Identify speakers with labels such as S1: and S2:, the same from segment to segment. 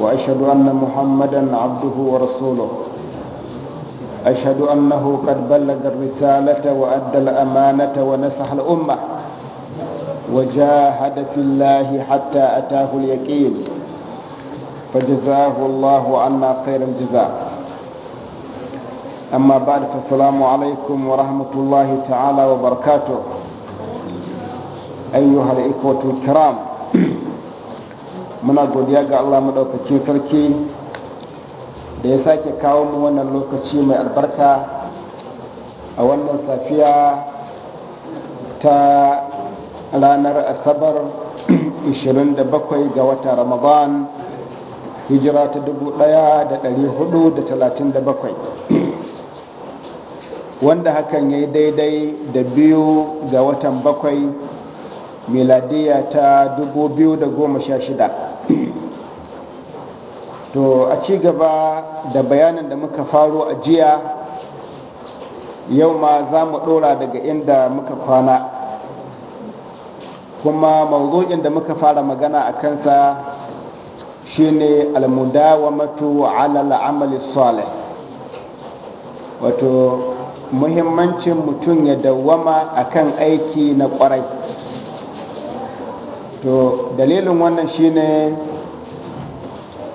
S1: وأشهد أن محمدا عبده ورسوله أشهد أنه قد بلغ الرسالة وأدى الأمانة ونصح الأمة وجاهد في الله حتى أتاه اليقين فجزاه الله عنا خير الجزاء أما بعد فالسلام عليكم ورحمة الله تعالى وبركاته أيها الإخوة الكرام muna godiya ga allah maɗaukakin sarki da ya sake kawo mu wannan lokaci mai albarka a wannan safiya ta ranar asabar 27 ga wata ramadan hijira ta 1437 wanda hakan ya yi daidai da biyu ga watan bakwai miladiya ta 2016 to a ci gaba da bayanin da muka faru a jiya yau ma za mu ɗora daga inda muka kwana kuma mawdu'in da muka fara magana a kansa shine almudawamatu ala al'amali salih wato muhimmancin mutum ya dawwama akan aiki na kwarai to dalilin wannan shine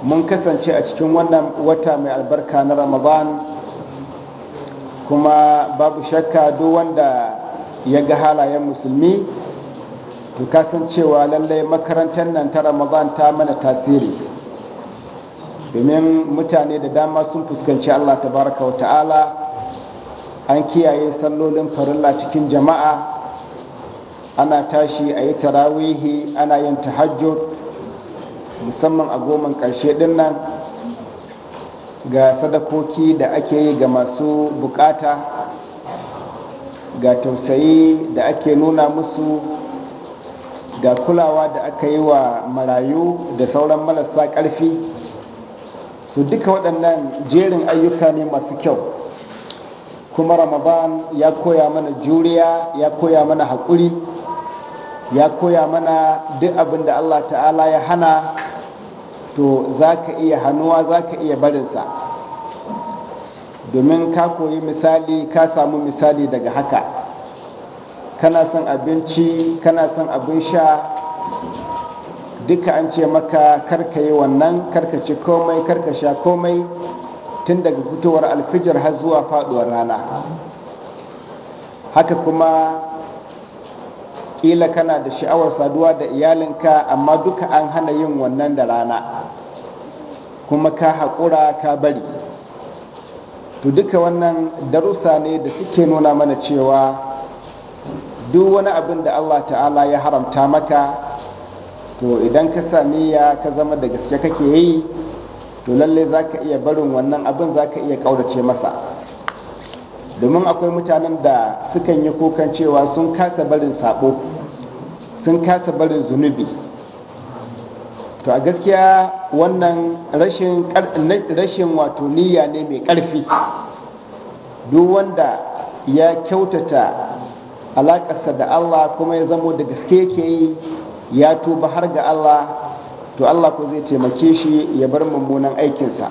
S1: mun kasance a cikin wannan wata mai albarka na ramadan kuma babu shakka duk wanda ya ga halayen musulmi to kasancewa lallai makarantar nan ta ramadan ta mana tasiri domin mutane da dama sun fuskanci allah tabaraka wa ta'ala an kiyaye sallolin farilla cikin jama'a ana tashi a yi tarawihi ana yin tahajjud musamman a goman ƙarshe ɗin nan ga sadakoki da ake yi ga masu bukata ga tausayi da ake nuna musu ga kulawa da aka yi wa marayu da sauran marasa ƙarfi su duka waɗannan jerin ayyuka ne masu kyau kuma ramadan ya koya mana juriya ya koya mana haƙuri ya koya mana duk abinda allah ta'ala ya hana to za ka iya hannuwa za ka iya barinsa domin ka koyi misali ka samu misali daga haka kana son abinci kana son abin sha duka an ce maka karka yi wannan karka ci komai karka sha komai tun daga fitowar alfijar har zuwa faduwar rana haka kuma kila kana da sha'awar saduwa da iyalinka amma duka an hana yin wannan da rana kuma ka haƙura ka bari to duka wannan darussa ne da suke nuna mana cewa duk wani abin da allah ta'ala ya haramta maka to idan ka sami ya ka zama da gaske kake yi to lallai za ka iya barin wannan abin za ka iya ƙaurace masa domin akwai mutanen da sukan yi kukan cewa sun kasa barin sabo sun kasa barin zunubi to a gaskiya wannan rashin wato niyya ne mai ƙarfi duk wanda ya kyautata alaƙarsa da Allah kuma ya zamo da gaske yake yi ya tuba har ga Allah to Allah ko zai taimake shi ya bar mummunan aikinsa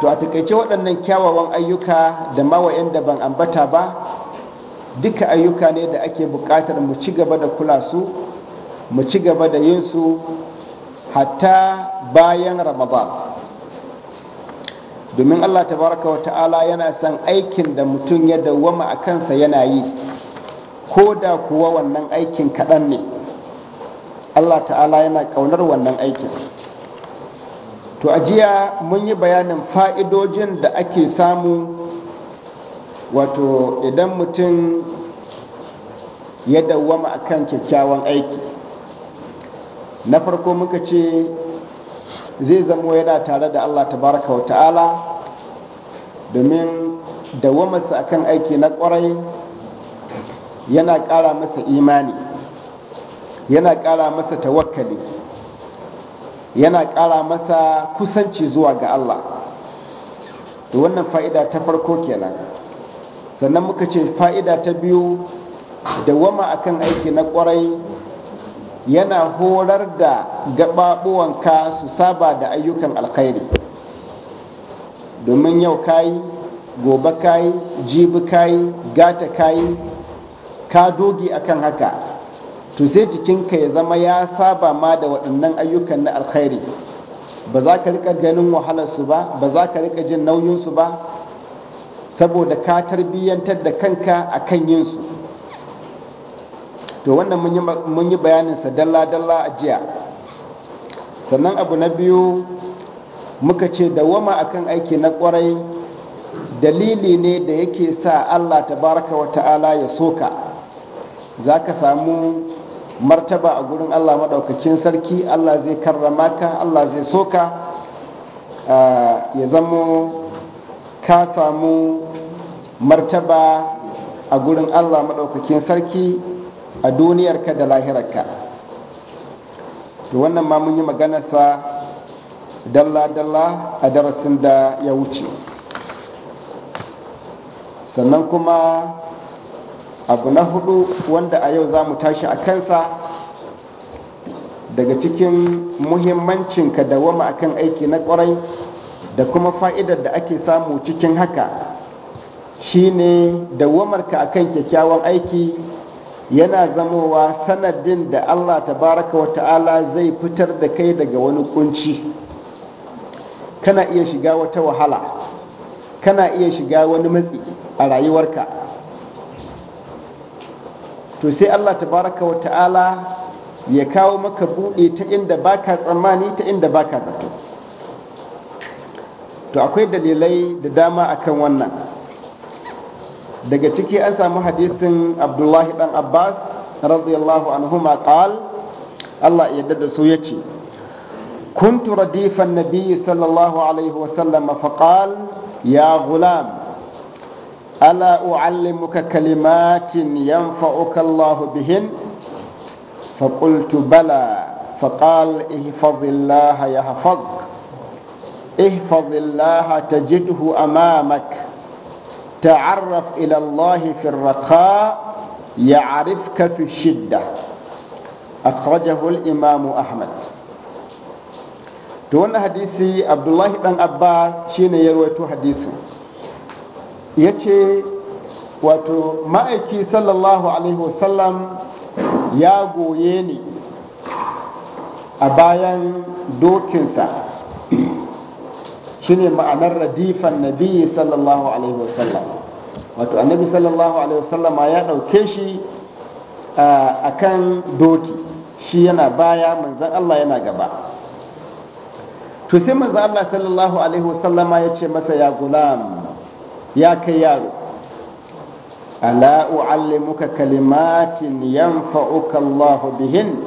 S1: to a takaice waɗannan kyawawan ayyuka da wa da ban ambata ba duka ayyuka ne da ake buƙatar mu ci gaba da kula su mu ci gaba da yin su hatta bayan ramadan domin allah tabaraka wa ta'ala yana son aikin da mutum ya dawwama a kansa yana yi ko da kuwa wannan aikin kaɗan ne allah ta'ala yana ƙaunar wannan aikin to a jiya mun yi bayanin fa'idojin da ake samu wato idan mutum ya dawwama akan kyakkyawan aiki na farko muka ce zai zama yana tare da allah tabaraka wa ta'ala domin dawamarsa akan aiki na kwarai yana kara masa imani yana ƙara masa tawakkali yana ƙara masa kusanci zuwa ga allah da wannan fa'ida ta farko kenan sannan muka ce fa'ida ta biyu dawama akan aiki na kwarai yana horar da ka su saba da ayyukan alkhairi domin yau kayi gobe kayi jibi kayi gata kayi ka doge akan haka to sai jikinka ya zama ya saba ma da waɗannan ayyukan na alkhairi ba za ka rika ganin wahalarsu ba ba za ka rika jin nauyinsu ba saboda ka tarbiyyantar da kanka akan yinsu to wannan mun yi sa dalla-dalla a jiya sannan abu na biyu muka ce dawama akan aiki na kwarai dalili ne da yake sa allah tabaraka wa ta'ala ya soka za ka samu martaba a gurin allah maɗaukakin sarki allah zai karrama ka allah zai soka ya zamo ka samu martaba a gurin allah maɗaukakin sarki a duniyarka da lahirarka wannan ma mun yi maganarsa dalla-dalla a darasin da ya wuce sannan kuma abu na hudu wanda a yau za mu tashi a kansa daga cikin muhimmancin ka a kan aiki na kwarai da kuma fa'idar da ake samu cikin haka shine dawamarka akan kyakkyawan aiki yana zamowa sanadin da allah tabaraka wa ta'ala zai fitar da kai daga wani kunci kana iya shiga wata wahala kana iya shiga wani matsi a rayuwarka to sai allah tabaraka wa ta'ala ya kawo maka buɗe ta inda baka tsammani ta inda baka zato to akwai dalilai da dama akan wannan daga ciki an samu hadisin abdullahi dan abbas radiyallahu anhuma qal allah ya da su yace kuntu radifan Nabiyyu sallallahu alaihi wasallam faqal ya ghulam ala uallimuka kalimatin yanfa'uka allah bihin فقلت بلى فقال احفظ الله يحفظك احفظ الله تجده امامك تعرف إلى الله ya الرخاء يعرفك في الشدة أخرجه الإمام أحمد to wannan hadisi abdullahi dan abbas shine ya rawaito hadisin ya ce wato ma'aiki sallallahu alaihi wasallam ya goye ni a bayan dokinsa shine ma'anar radifan nabi sallallahu alaihi wasallam wato annabi sallallahu alaihi wasallama ya dauke shi a kan doki shi yana baya manzan Allah yana gaba to sai manzan Allah sallallahu alaihi wasallama ya ce masa ya gulam ya kai yaro ala u'allimuka kalimatin yanfa'uka Allahu bihin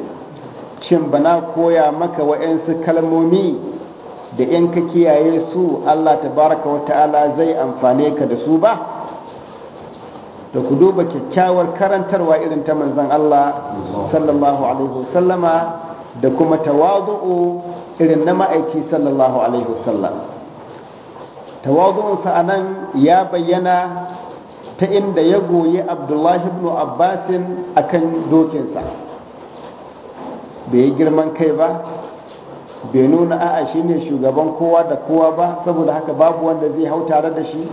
S1: shin bana koya maka wa'yansu kalmomi da in ka kiyaye su allah tabaraka wa ta'ala zai amfane ka da su ba da ku duba kyakkyawar karantarwa irin ta manzan allah sallallahu alaihi wasallama da kuma tawadu'u irin na ma'aiki sallallahu alaihi wasallam tawadu'unsa a nan ya bayyana ta inda ya goyi abdullahi ibn abbasin akan dokinsa bai yi girman kai ba bai nuna a'a ne shugaban kowa da kowa ba saboda haka babu wanda zai hau tare da shi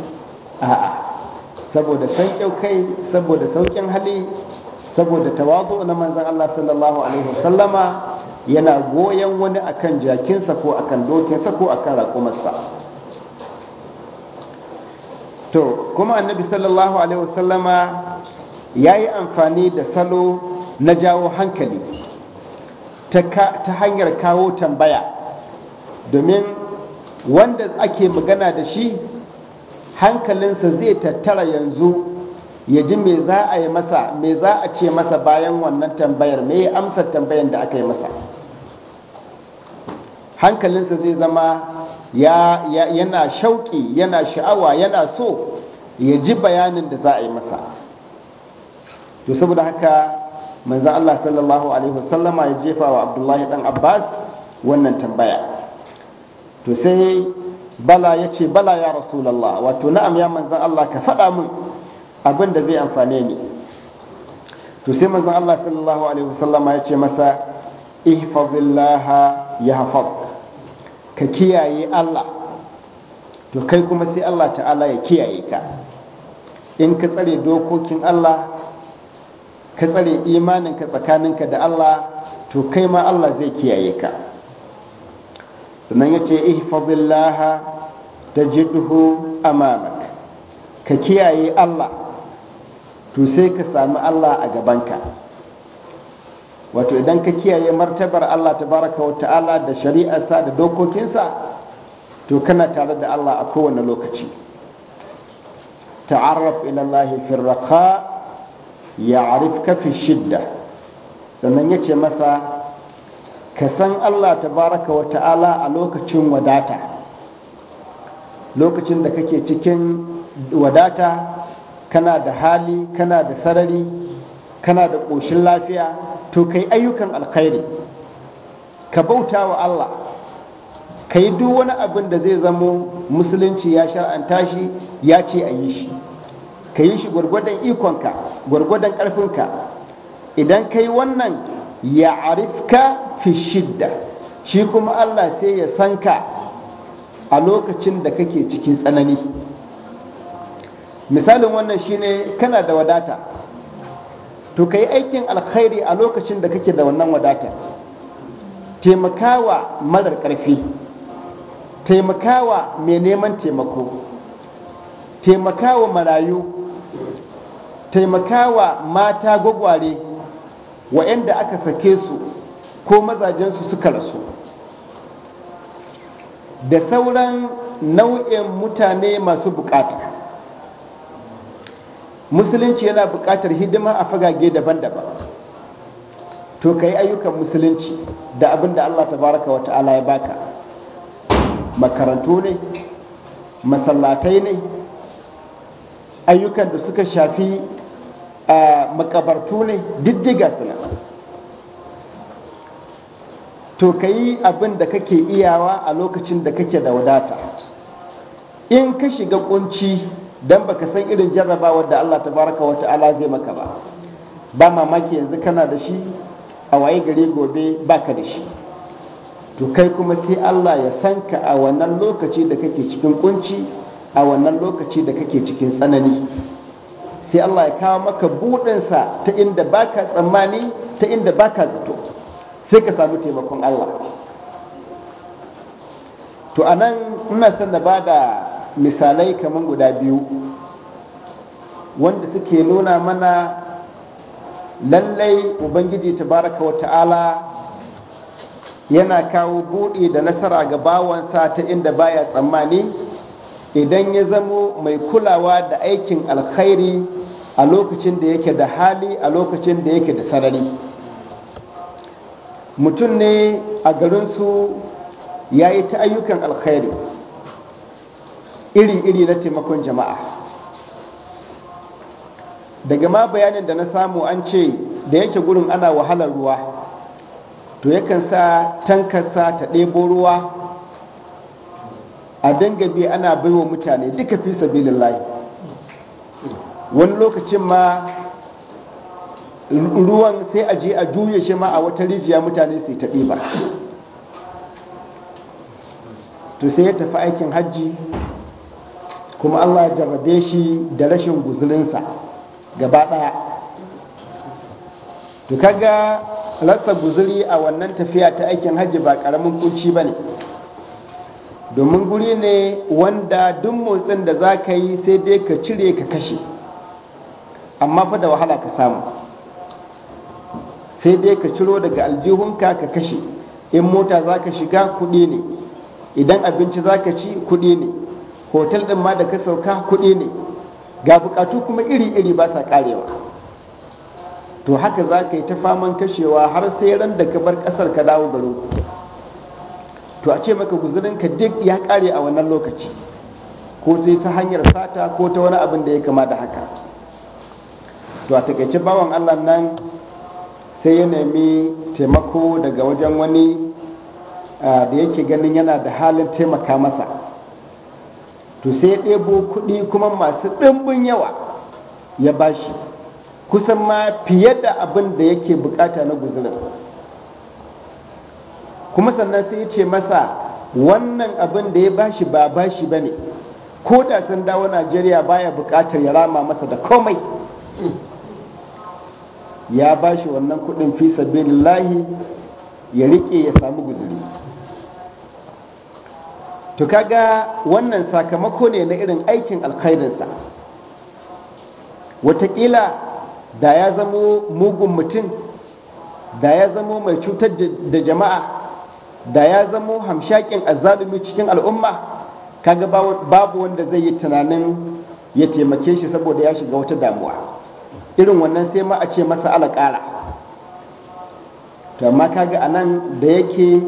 S1: a'a saboda sauƙin kai saboda sauƙin hali saboda tawazu na manzan Allah sallallahu alaihi wasallama yana goyon wani akan jakinsa ko akan dokinsa ko akan raƙumarsa to kuma annabi sallallahu alaihi wasallama ya yi amfani da salo na jawo hankali ta hanyar kawo tambaya domin wanda ake magana da shi hankalinsa zai tattara yanzu ya ji me za a yi masa me za a ce masa bayan wannan tambayar me ya amsa tambayar da aka yi masa hankalinsa zai zama yana shauƙi yana sha'awa yana so ya ji bayanin da za a yi masa to saboda haka manzo Allah sallallahu alaihi wasallama ya jefa wa Abdullahi dan Abbas wannan tambaya to sai bala ya ce bala ya rasulullah wato na'am ya manzan Allah ka faɗa min abin da zai amfane ni to sai manzon Allah sallallahu alaihi wasallama ya ce masa ihfazillaha hafaz ka kiyaye Allah to kai kuma sai Allah ta'ala ya kiyaye ka in ka tsare dokokin Allah ka tsare imaninka tsakaninka da Allah to kai ma Allah zai kiyaye ka sannan ya ce ihfazillaha a amamak ka kiyaye Allah to sai ka sami Allah a gabanka wato idan ka kiyaye martabar Allah ta baraka wa ta'ala da shari'arsa da dokokinsa to kana tare da Allah a kowane lokaci ta'arraf ila Allah fi ya'rifka fi shidda sannan ya ce masa ka san Allah Ta baraka wa ta'ala a lokacin wadata lokacin da kake cikin wadata kana da hali kana da sarari kana da ƙoshin lafiya to kai ayyukan alkhairi ka bauta wa Allah ka yi duk wani abin da zai zamo musulunci ya shar'anta shi ya ce a yi shi ka yi shi gwargwadon ikonka gwargwadon ƙarfinka idan ka yi wannan ya arifka fi shidda shi kuma allah sai ya san ka a lokacin da kake cikin tsanani misalin wannan shine kana da wadata to ka yi aikin alkhairi a lokacin da kake da wannan wadata taimakawa marar ƙarfi taimakawa mai neman taimako taimakawa marayu taimakawa mata gwagware wa'yanda aka sake su ko mazajensu suka rasu da sauran nau'in mutane masu bukata musulunci yana bukatar hidima a fagage daban-daban to ka yi ayyukan musulunci da abin da allah tabaraka wa ta'ala ya baka makarantu ne masallatai ne ayyukan da suka shafi makabartu ne diddiga suna to ka yi abin da kake iyawa a lokacin da kake da wadata in ka shiga kunci don baka san irin jarrabawar da allah Ta baraka wata ala zai maka ba ba mamaki yanzu kana da shi a waye gari gobe baka da shi to kai kuma sai allah ya sanka a wannan lokaci da kake cikin kunci a wannan lokaci da kake cikin tsanani sai Allah ya kawo maka buɗinsa ta inda baka tsammani ta inda baka zato sai ka samu taimakon Allah to a nan ina son na ba da misalai kamar guda biyu wanda suke nuna mana lallai ubangiji tabaraka wa ta'ala yana kawo buɗe da nasara ga bawansa ta inda baya tsammani idan ya zamo mai kulawa da aikin alkhairi a lokacin da yake da hali a lokacin da yake da sarari mutum ne a garinsu ya yi ta ayyukan alkhairi iri-iri na taimakon jama'a daga ma bayanin da na samu an ce da yake gurin ana wahalar ruwa to yakan sa tankarsa ta ɗebo ruwa a dangabe ana baiwa mutane duka fi layi. wani lokacin ma ruwan sai a je a juye shi ma a wata rijiya mutane sai ta ɗiba to sai ya tafi aikin hajji kuma allah ya jarrabe shi da rashin guzurinsa gaba ɗaya to kaga rasa guzuri a wannan tafiya ta aikin hajji ba ƙaramin kunci ba ne domin guri ne wanda duk motsin da za ka yi sai dai ka cire ka kashe amma fa da wahala ka samu sai dai ka ciro daga aljihunka ka kashe in mota za ka shiga kuɗi ne idan abinci za ka ci kuɗi ne hotel ɗin ma da ka sauka kuɗi ne ga bukatu kuma iri-iri ba sa ƙarewa to haka za ka yi ta faman kashewa har sai ran da ka bar ƙasar ka dawo garinku to a ce maka guzurinka duk ya kare a wannan lokaci ko sai ta hanyar sata ko ta wani abin da ya kama da haka to a takaice bawan allah nan sai ya nemi taimako daga wajen wani da yake ganin yana da halin taimaka masa to sai ɗebo kuɗi kuma masu ɗimbin yawa ya bashi kusan ma fiye da abin da yake bukata na guzurin kuma sannan sai ya ce masa wannan abin da ya bashi ba bashi ba ne ko da sun dawo najeriya baya bukatar ya rama masa da komai ya bashi wannan kuɗin fi sabilillahi ya riƙe ya samu guzuri to kaga wannan sakamako ne na irin aikin alkhairinsa watakila da ya zamo mugun mutum da ya zamo mai cutar da jama'a da ya zamo hamshakin azzalumi cikin al'umma kaga babu wanda zai yi tunanin ya taimake shi saboda ya shiga wata damuwa irin wannan sai ma a ce masa alaƙara to amma kaga a nan da yake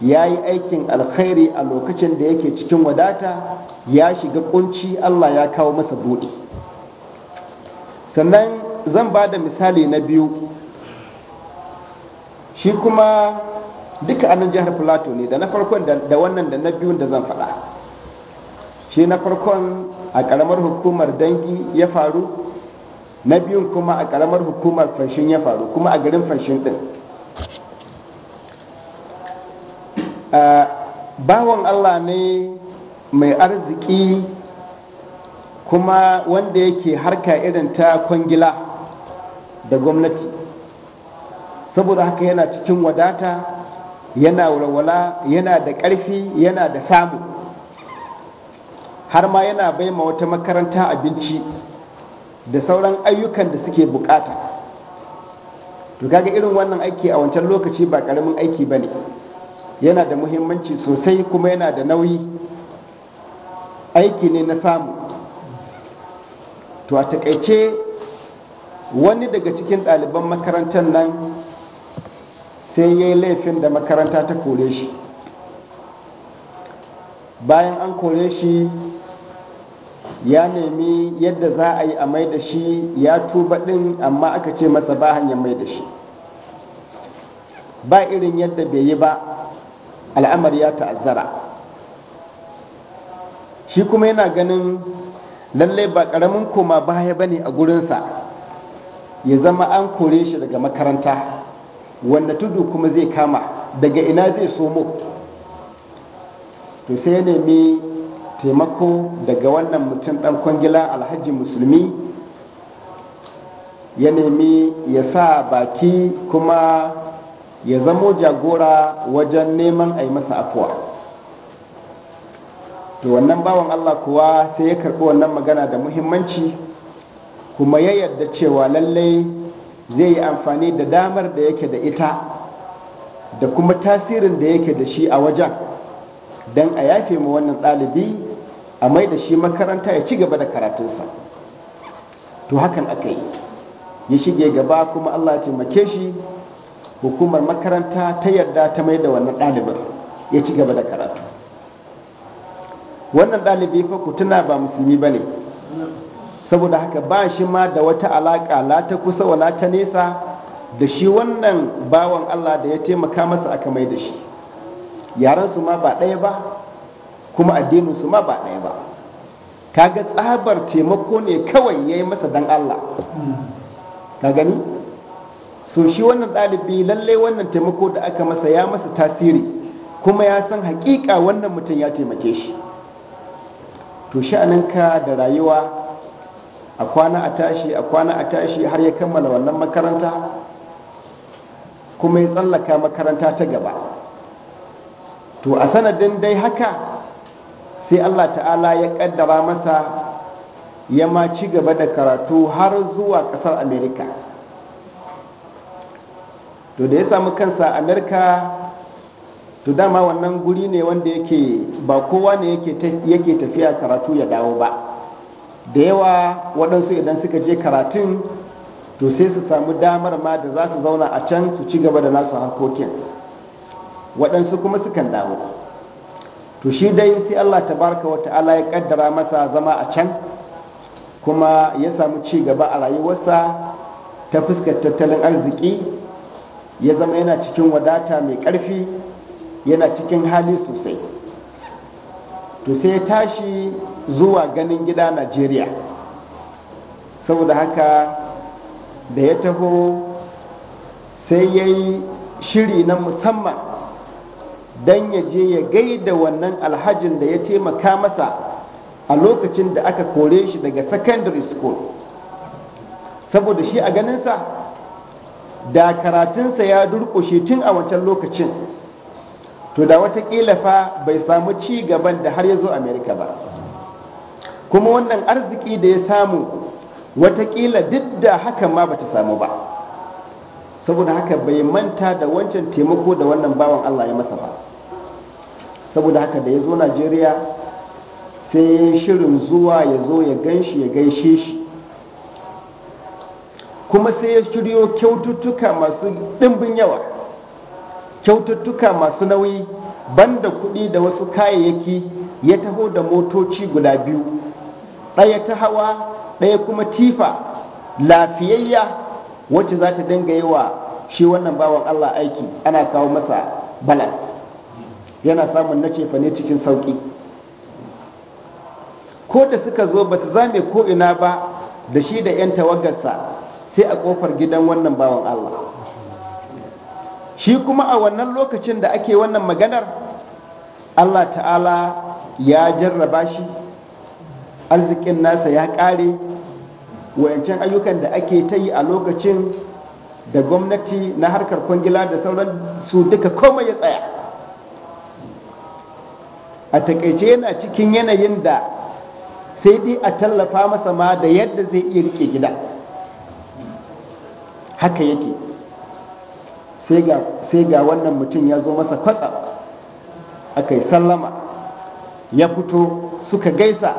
S1: ya yi aikin alkhairi a lokacin da yake cikin wadata ya shiga kunci allah ya kawo masa buɗe sannan zan ba da misali na biyu shi kuma duka anan jihar plato ne da na farkon da wannan da na biyun da zan faɗa shi na farkon a ƙaramar hukumar dangi ya faru na biyun kuma a ƙaramar hukumar fashin ya faru kuma a garin fashin ɗin bawan allah ne mai arziki kuma wanda yake harka irin ta kwangila da gwamnati saboda haka yana cikin wadata yana walwala yana da ƙarfi yana da samu har ma yana bai ma wata makaranta abinci da sauran ayyukan da suke bukata to kaga irin wannan aiki a wancan lokaci ba karamin aiki ba ne yana da muhimmanci sosai kuma yana da nauyi aiki ne na samu to a takaice wani daga cikin ɗaliban makarantar nan sai ya yi laifin da makaranta ta kore shi bayan an kore shi ya nemi yadda za a yi a mai da shi ya tuba ɗin amma aka ce masa ba hanyar mai da shi ba irin yadda bai yi ba al'amar ya ta'azzara shi kuma yana ganin lallai ba ƙaramin koma baya ba ne a gurinsa ya zama an kore shi daga makaranta wanda tudu kuma zai kama daga ina zai somo to sai ya nemi taimako daga wannan mutum dan kwangila alhaji musulmi ya nemi ya sa baki kuma ya zamo jagora wajen neman a yi masa afuwa to wannan bawan allah kuwa sai ya karbi wannan magana da muhimmanci kuma ya yadda cewa lallai zai yi amfani da damar da yake da ita da kuma tasirin da yake da shi a wajen don a yafe ma wannan ɗalibi a mai da shi makaranta ya ci gaba da karatunsa to hakan aka yi ya shige gaba kuma allah taimake shi hukumar makaranta ta yarda ta mai da wannan ɗalibin ya ci gaba da karatu wannan ɗalibi fa ku tuna ba musulmi ba ne saboda haka ba shi ma da wata alaƙa la ta kusa wa la ta nesa da shi wannan bawan Allah da ya taimaka masa aka mai da shi su ma ba ɗaya ba kuma addininsu ma ba ɗaya ba kaga tsabar taimako ne kawai ya yi masa dan Allah ka gani so shi wannan ɗalibi lalle wannan taimako da aka masa ya masa tasiri kuma ya san haƙiƙa wannan mutum ya taimake shi to sha'aninka da rayuwa a kwana a tashi a kwana a tashi har ya kammala wannan makaranta kuma ya tsallaka makaranta ta gaba to a sanadin dai haka sai allah ta'ala ya kaddara masa ya ma ci gaba da karatu har zuwa kasar Amerika. to da ya samu kansa Amerika, to dama wannan guri ne wanda yake ba kowa ne yake tafiya karatu ya dawo ba da yawa waɗansu idan suka je karatun to sai su samu damar ma da za su zauna a can su ci gaba da nasu harkokin waɗansu kuma su kan dawo to shi dai sai allah Ta baraka wata ala ya kaddara masa zama a can kuma ya samu ci gaba a rayuwarsa ta fuskar tattalin arziki ya zama yana cikin wadata mai ƙarfi yana cikin hali sosai to sai ya tashi zuwa ganin gida najeriya saboda haka da ya taho sai ya yi shiri na musamman don ya je ya gaida wannan alhajin da ya taimaka masa a lokacin da aka kore shi daga secondary school saboda shi a ganinsa da karatunsa ya durƙushe tun a wancan lokacin to da watakila fa bai samu ci gaban da har ya zo amerika ba kuma wannan arziki da ya samu watakila duk da hakan ma bata samu ba saboda haka bai manta da wancan taimako da wannan bawan allah ya masa ba saboda haka da ya zo najeriya sai ya shirin zuwa ya zo ya ganshi ya gaishe shi kuma sai ya shiryo kyaututtuka masu ɗimbin yawa kyaututtuka masu nauyi banda kuɗi da wasu kayayyaki ya taho da motoci guda biyu ɗaya ta hawa ɗaya kuma tifa lafiyayya wacce za ta dinga yi wa shi wannan bawan allah aiki ana kawo masa balas yana samun na cefa ne cikin sauƙi ko da suka zo ba su zame ina ba da shi da 'yan tawagarsa sai a ƙofar gidan wannan bawan allah shi kuma a wannan lokacin da ake wannan maganar allah ta'ala ya jarraba shi arzikin nasa ya ƙare wayancan ayyukan da ake ta yi a lokacin da gwamnati na harkar kwangila da sauran su duka komai ya tsaya a takaice yana cikin yanayin da sai dai a tallafa masa ma da yadda zai iya rike gida haka yake sai ga wannan mutum ya zo masa kwatsam aka yi sallama ya fito suka gaisa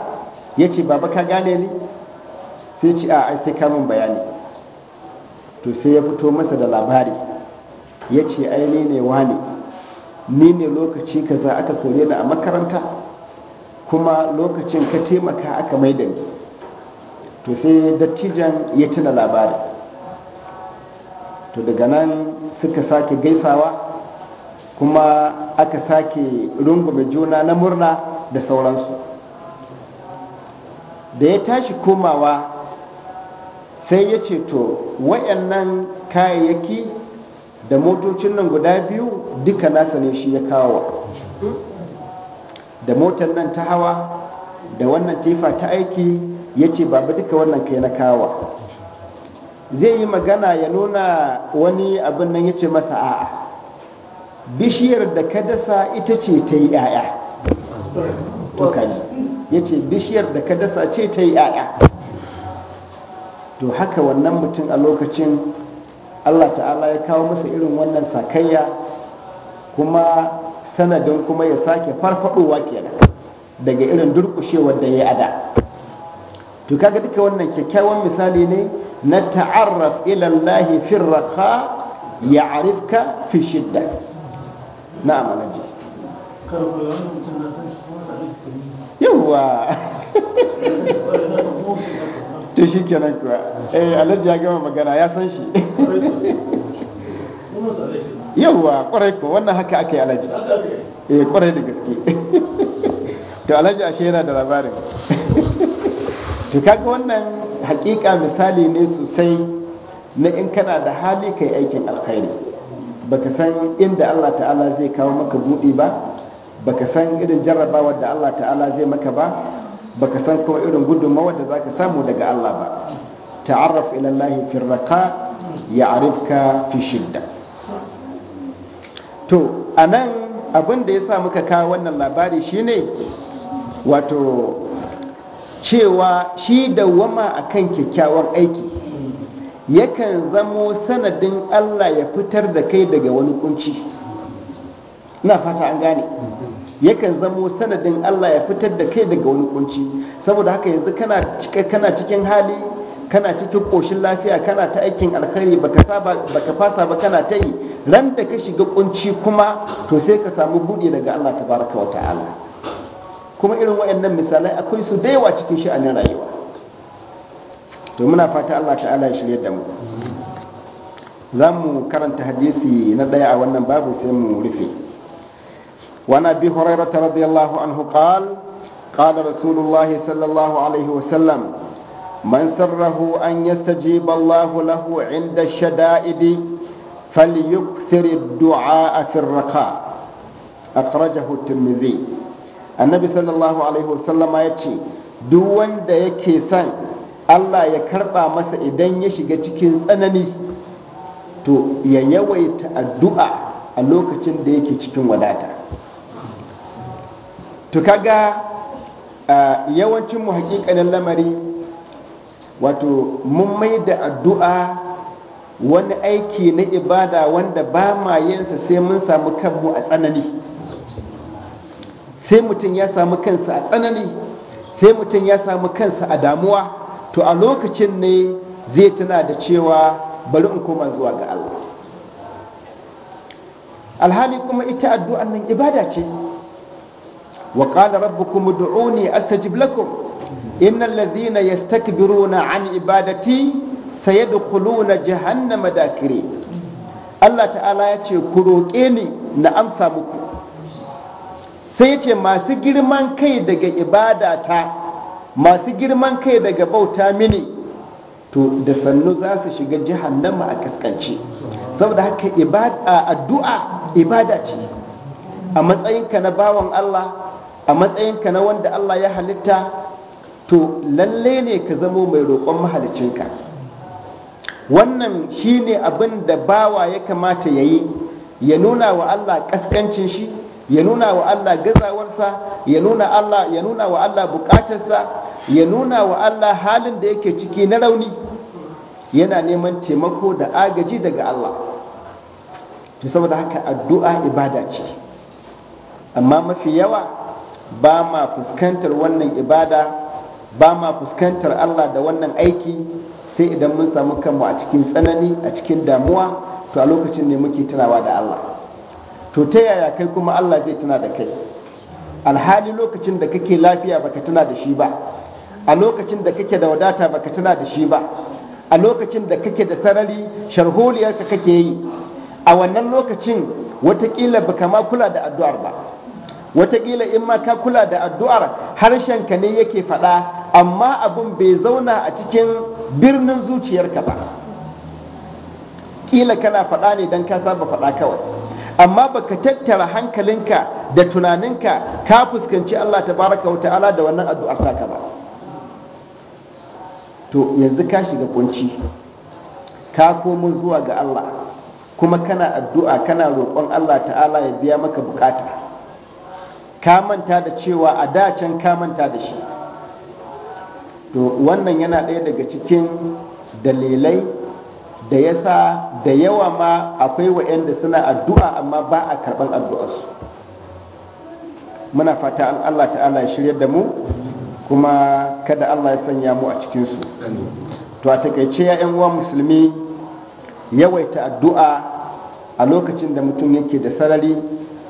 S1: ya ce baba ka gane ni sai ce a sai kamun bayani to sai ya fito masa da labari ya ce ai ni ne wani ni ne lokaci kaza aka kore ni a makaranta kuma lokacin ka taimaka aka mai da ni to sai dattijan ya tuna labari. to daga nan suka sake gaisawa kuma aka sake rungume juna na murna da sauransu da ya tashi komawa sai ya ce to wayannan kayayyaki da motocin nan guda biyu duka nasa ne shi ya kawo da motar nan ta hawa da wannan tefa ta aiki ya ce babu duka wannan kai na kawo zai yi magana ya nuna wani abin nan ya ce masa a'a bishiyar da ka dasa ita ce ta yi 'ya'ya to kaji ya ce bishiyar da ka dasa ce ta yi 'ya'ya to haka wannan mutum a lokacin allah ta'ala ya kawo masa irin wannan sakayya kuma sanadin kuma ya sake farfadowa kenan daga irin durkushewar da ya ada to kaga duka wannan kyakkyawan misali ne نتعرف إلى الله في الرخاء يعرفك في الشدة نعم نجي yawa kenan kuwa eh ya gama magana ya san shi yawa kwarai ko wannan haka eh kwarai da gaske to ashe yana da wannan hakika misali ne sosai na in kana da hali kai aikin alkhairi baka san inda Allah ta'ala zai kawo maka buɗi ba baka san irin jarrabawar da Allah ta'ala zai maka ba baka san kuma irin gudunmawar da ka samu daga Allah ba ta'arraf ila lahi fi raqa arifka fi shidda to anan abin da sa muka kawo wannan labari shine wato cewa shi dawwama kan kyakkyawan aiki yakan zamo sanadin Allah ya fitar da kai daga wani kunci ina fata an gane yakan zamo sanadin Allah ya fitar da kai daga wani kunci saboda haka yanzu kana cikin hali kana cikin koshin lafiya kana ta aikin alkhairi baka fasa ba kana ta yi ran da ka shiga kunci kuma to sai ka samu buɗe daga Allah Ta baraka wa ta'ala kuma irin waɗannan misalai akwai su da yawa cikin sha'anin rayuwa to muna fata Allah ta'ala ya shirya da mu za mu karanta hadisi na ɗaya a wannan babu sai mu rufe wa na bi hurairata radiyallahu anhu qal qala rasulullahi sallallahu alaihi wa man sarrahu an yastajiba Allah lahu inda shada'idi falyukthir ad-du'a fi ar-raqa akhrajahu annabi sallallahu alaihi wasallam ya ce duk wanda yake son allah ya karba masa idan ya shiga cikin tsanani to ya yawaita addu'a a lokacin da yake cikin wadata to kaga yawancin mu na lamari wato mun mai da addu'a wani aiki na ibada wanda ba ma yinsa sai mun samu kanmu a tsanani sai mutum ya samu kansa a tsanani sai mutum ya samu kansa a damuwa to a lokacin ne zai tana da cewa bari in koma zuwa ga Allah alhali kuma ita addu'an nan ibada ce wa qala rabbukum ud'uni astajib lakum innal ladhina yastakbiruna an ibadati sayadkhuluna jahannama dakire Allah ta'ala ya ce ku roƙe ni na amsa muku sai yace ce masu girman kai daga ibada ta masu girman kai daga bauta mini to da sannu za su shiga nama a kaskance saboda haka addu'a ibada ce a matsayinka na bawan Allah a matsayinka na wanda Allah ya halitta to lalle ne ka zamo mai roƙon mahalicinka wannan shine abin da bawa ya kamata ya yi ya nuna wa Allah kaskancin shi ya nuna wa Allah gazawarsa ya nuna Allah ya nuna wa Allah bukatarsa ya nuna wa Allah halin da yake ciki na rauni yana neman taimako da agaji daga Allah to saboda haka addu'a ibada ce amma mafi yawa ba ma fuskantar wannan ibada ba ma fuskantar Allah da wannan aiki sai idan mun samu kanmu a cikin tsanani a cikin damuwa to a lokacin ne muke tunawa da Allah to ta yaya kai kuma Allah zai tuna da kai alhali lokacin da kake lafiya baka tuna da shi ba a lokacin da kake da wadata baka tuna da shi ba a lokacin da kake da sarari sharholiyarka kake yi a wannan lokacin watakila baka ma kula da addu'ar ba watakila in ma ka kula da addu'ar harshen ka ne yake faɗa amma abun bai zauna a cikin birnin zuciyarka ba kila kana faɗa ne don ka saba faɗa kawai amma baka tattara hankalinka da tunaninka ka fuskanci Allah ta baraka wa ta'ala da wannan addu'ar taka ba to yanzu ka shiga kunci ka komo zuwa ga Allah kuma kana addu'a kana roƙon Allah ta'ala ya biya maka bukata ka manta da cewa a da can ka manta da shi to wannan yana ɗaya daga cikin dalilai da ya sa da yawa ma akwai wa'yanda suna addu'a amma ba a karɓar addu'arsu muna fata an allah ta'ala ya shirya da mu kuma kada allah ya sanya mu a cikinsu to a takaice ya uwa musulmi yawaita addu'a a lokacin da mutum yake da sarari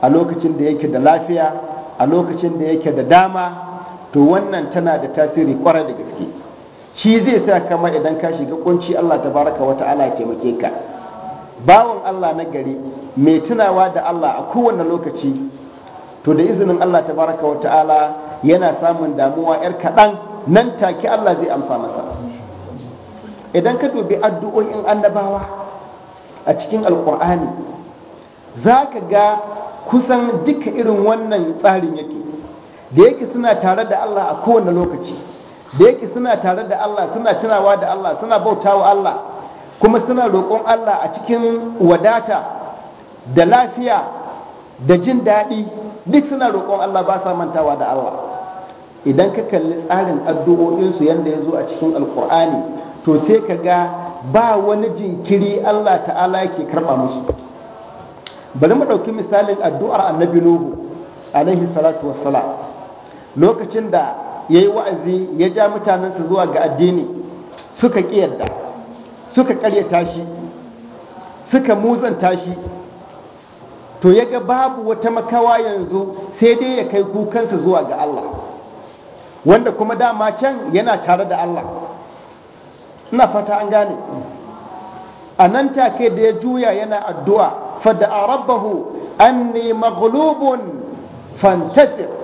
S1: a lokacin da yake da lafiya a lokacin da yake da dama to wannan tana da tasiri kwarai da gaske shi zai sa kama idan ka shiga kunci Allah tabaraka wa ta'ala ya taimake ka bawon Allah na gari mai tunawa da Allah a kowane lokaci to da izinin Allah baraka wa ta'ala yana samun damuwa yar kaɗan nan take Allah zai amsa masa idan ka dubi addu'o'in annabawa a cikin alkur'ani za ka ga kusan duka irin wannan tsarin yake da yake suna tare da Allah a kowane lokaci da yake suna tare da Allah suna tunawa da Allah suna bauta wa Allah kuma suna roƙon Allah a cikin wadata da lafiya da jin daɗi duk suna roƙon Allah ba sa mantawa da Allah idan ka kalli tsarin addu'o'insu yadda ya zo a cikin alkur'ani to sai ka ga ba wani jinkiri Allah ta'ala yake karɓa musu bari mu ɗauki misalin addu'ar annabi nuhu alaihi salatu wassalam lokacin da ya yi wa'azi ya ja mutanensa zuwa ga addini suka ƙiyarda suka ƙaryata shi suka muzanta shi to ya ga babu wata makawa yanzu sai dai ya kai kukansa zuwa ga Allah wanda kuma dama can yana tare da Allah ina fata an gane a nan take da ya juya yana addu'a fada rabbahu anni maglubun fantasir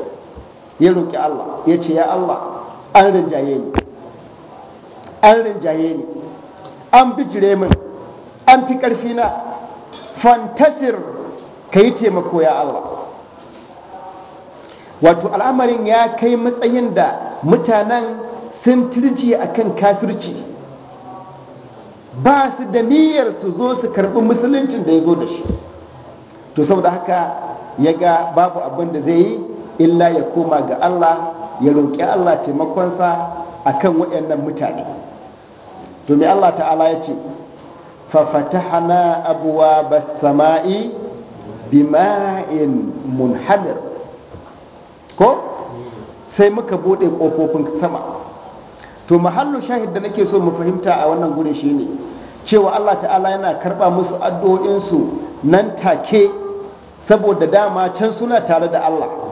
S1: ya roƙi Allah ya ce ya Allah an rinjaye ni an rinjaye ni an bijire min an fi ƙarfi na fantasir ka yi taimako ya Allah wato al'amarin ya kai matsayin da mutanen sun turji a kan kafirci ba su da niyyar su zo su karɓi musuluncin da ya zo da shi to saboda haka ya ga babu abin da zai yi illa ya koma ga Allah ya roƙi Allah taimakonsa a kan waɗannan mutane domin Allah ta'ala ya ce hana abuwa ba sama'i bima'in munhamir ko sai muka buɗe ƙofofin sama to mahallu shahid da nake so mu fahimta a wannan gudun shine cewa Allah ta'ala yana karɓa musu addu'o'insu nan take saboda dama can suna tare da Allah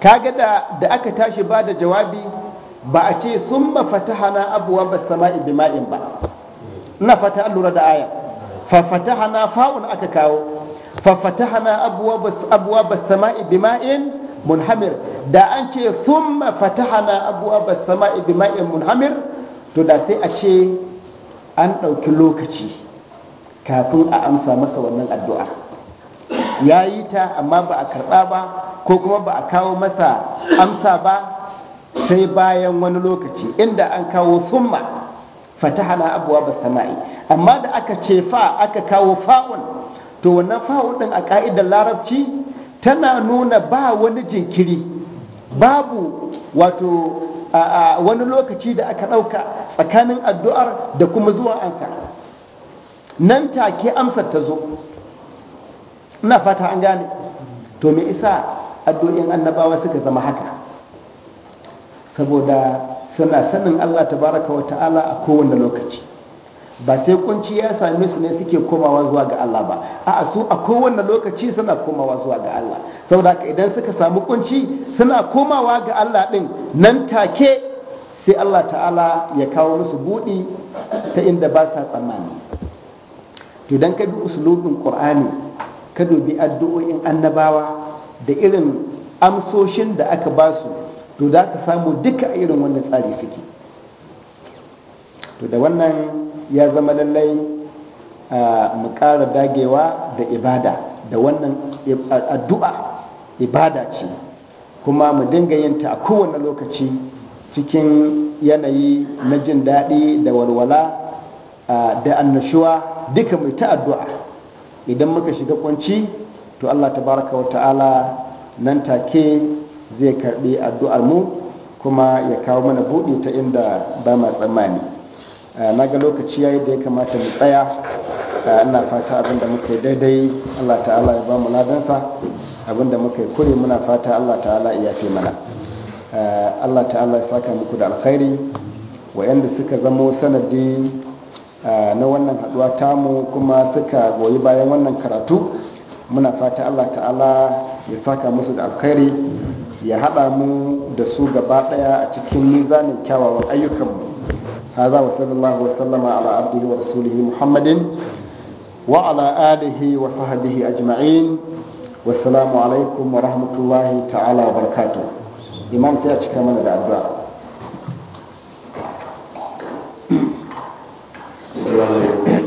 S1: kaga da da aka tashi ba da jawabi ba a ce sun mafatahana abuwa ba sama'i ma'in ba ina fata an lura da aya fafatahana fa'un aka kawo fafatahana abuwa ba sama'i ma'in munhamir da an ce sun mafatahana abuwa ba sama'i ma'in munhamir to da sai a ce an ɗauki lokaci kafin a amsa masa wannan addu'a ya yi ta amma ba a karɓa ba ko kuma ba a kawo masa amsa ba sai bayan wani lokaci inda an kawo summa fatahana abuwa ba sama'i amma da aka ce fa aka kawo fa'un to wannan fa'un din a ka'idar larabci tana nuna ba wani jinkiri babu wato a wani lokaci da aka ɗauka tsakanin addu'ar da kuma zuwa ansa nan take amsar ta zo ina fata an gane to me isa addu'o'in annabawa suka zama haka saboda suna sanin Allah ta baraka wa ta'ala a kowane lokaci ba sai kunci ya same su ne suke komawa zuwa ga Allah ba a su a kowane lokaci suna komawa zuwa ga Allah saboda haka idan suka samu kunci suna komawa ga Allah din nan take sai Allah ta'ala ya kawo musu buɗi ta inda ba sa tsammani idan ka bi usulubin qur'ani ka dubi addu'o'in annabawa da irin amsoshin da aka ba su to za ka samu duka a irin wannan tsari suke to da wannan ya zama lallai mu ƙara dagewa da ibada da wannan addu'a ibada ce kuma mu dinga yin ta a kowane lokaci cikin yanayi na jin daɗi da walwala da annashuwa duka mai ta addu'a idan muka shiga kwanci to Allah tabaraka wa ta'ala nan take zai karbi addu'ar mu kuma ya kawo mana buɗe ta inda ba ma tsammani na ga lokaci yayi da ya kamata mu tsaya ina fata abinda muka yi daidai Allah ta'ala ya ba mu ladansa abinda muka yi kure muna fata Allah ta'ala ya fi mana Allah ta'ala ya saka muku da alkhairi wayanda suka zamo sanadi na wannan haduwa tamu kuma suka goyi bayan wannan karatu muna fata allah ta'ala ya saka musu da alkhairi ya hada mu da su gaba daya a cikin nizanin kyawawan ayyukan mu haza wa sallallahu wa sallama ala abdihi wa rasulihi muhammadin wa ala alihi wa sahbihi ajma'in wa salamu alaikum wa rahmatullahi ta'ala wa barakatu imam sai a cika mana da addu'a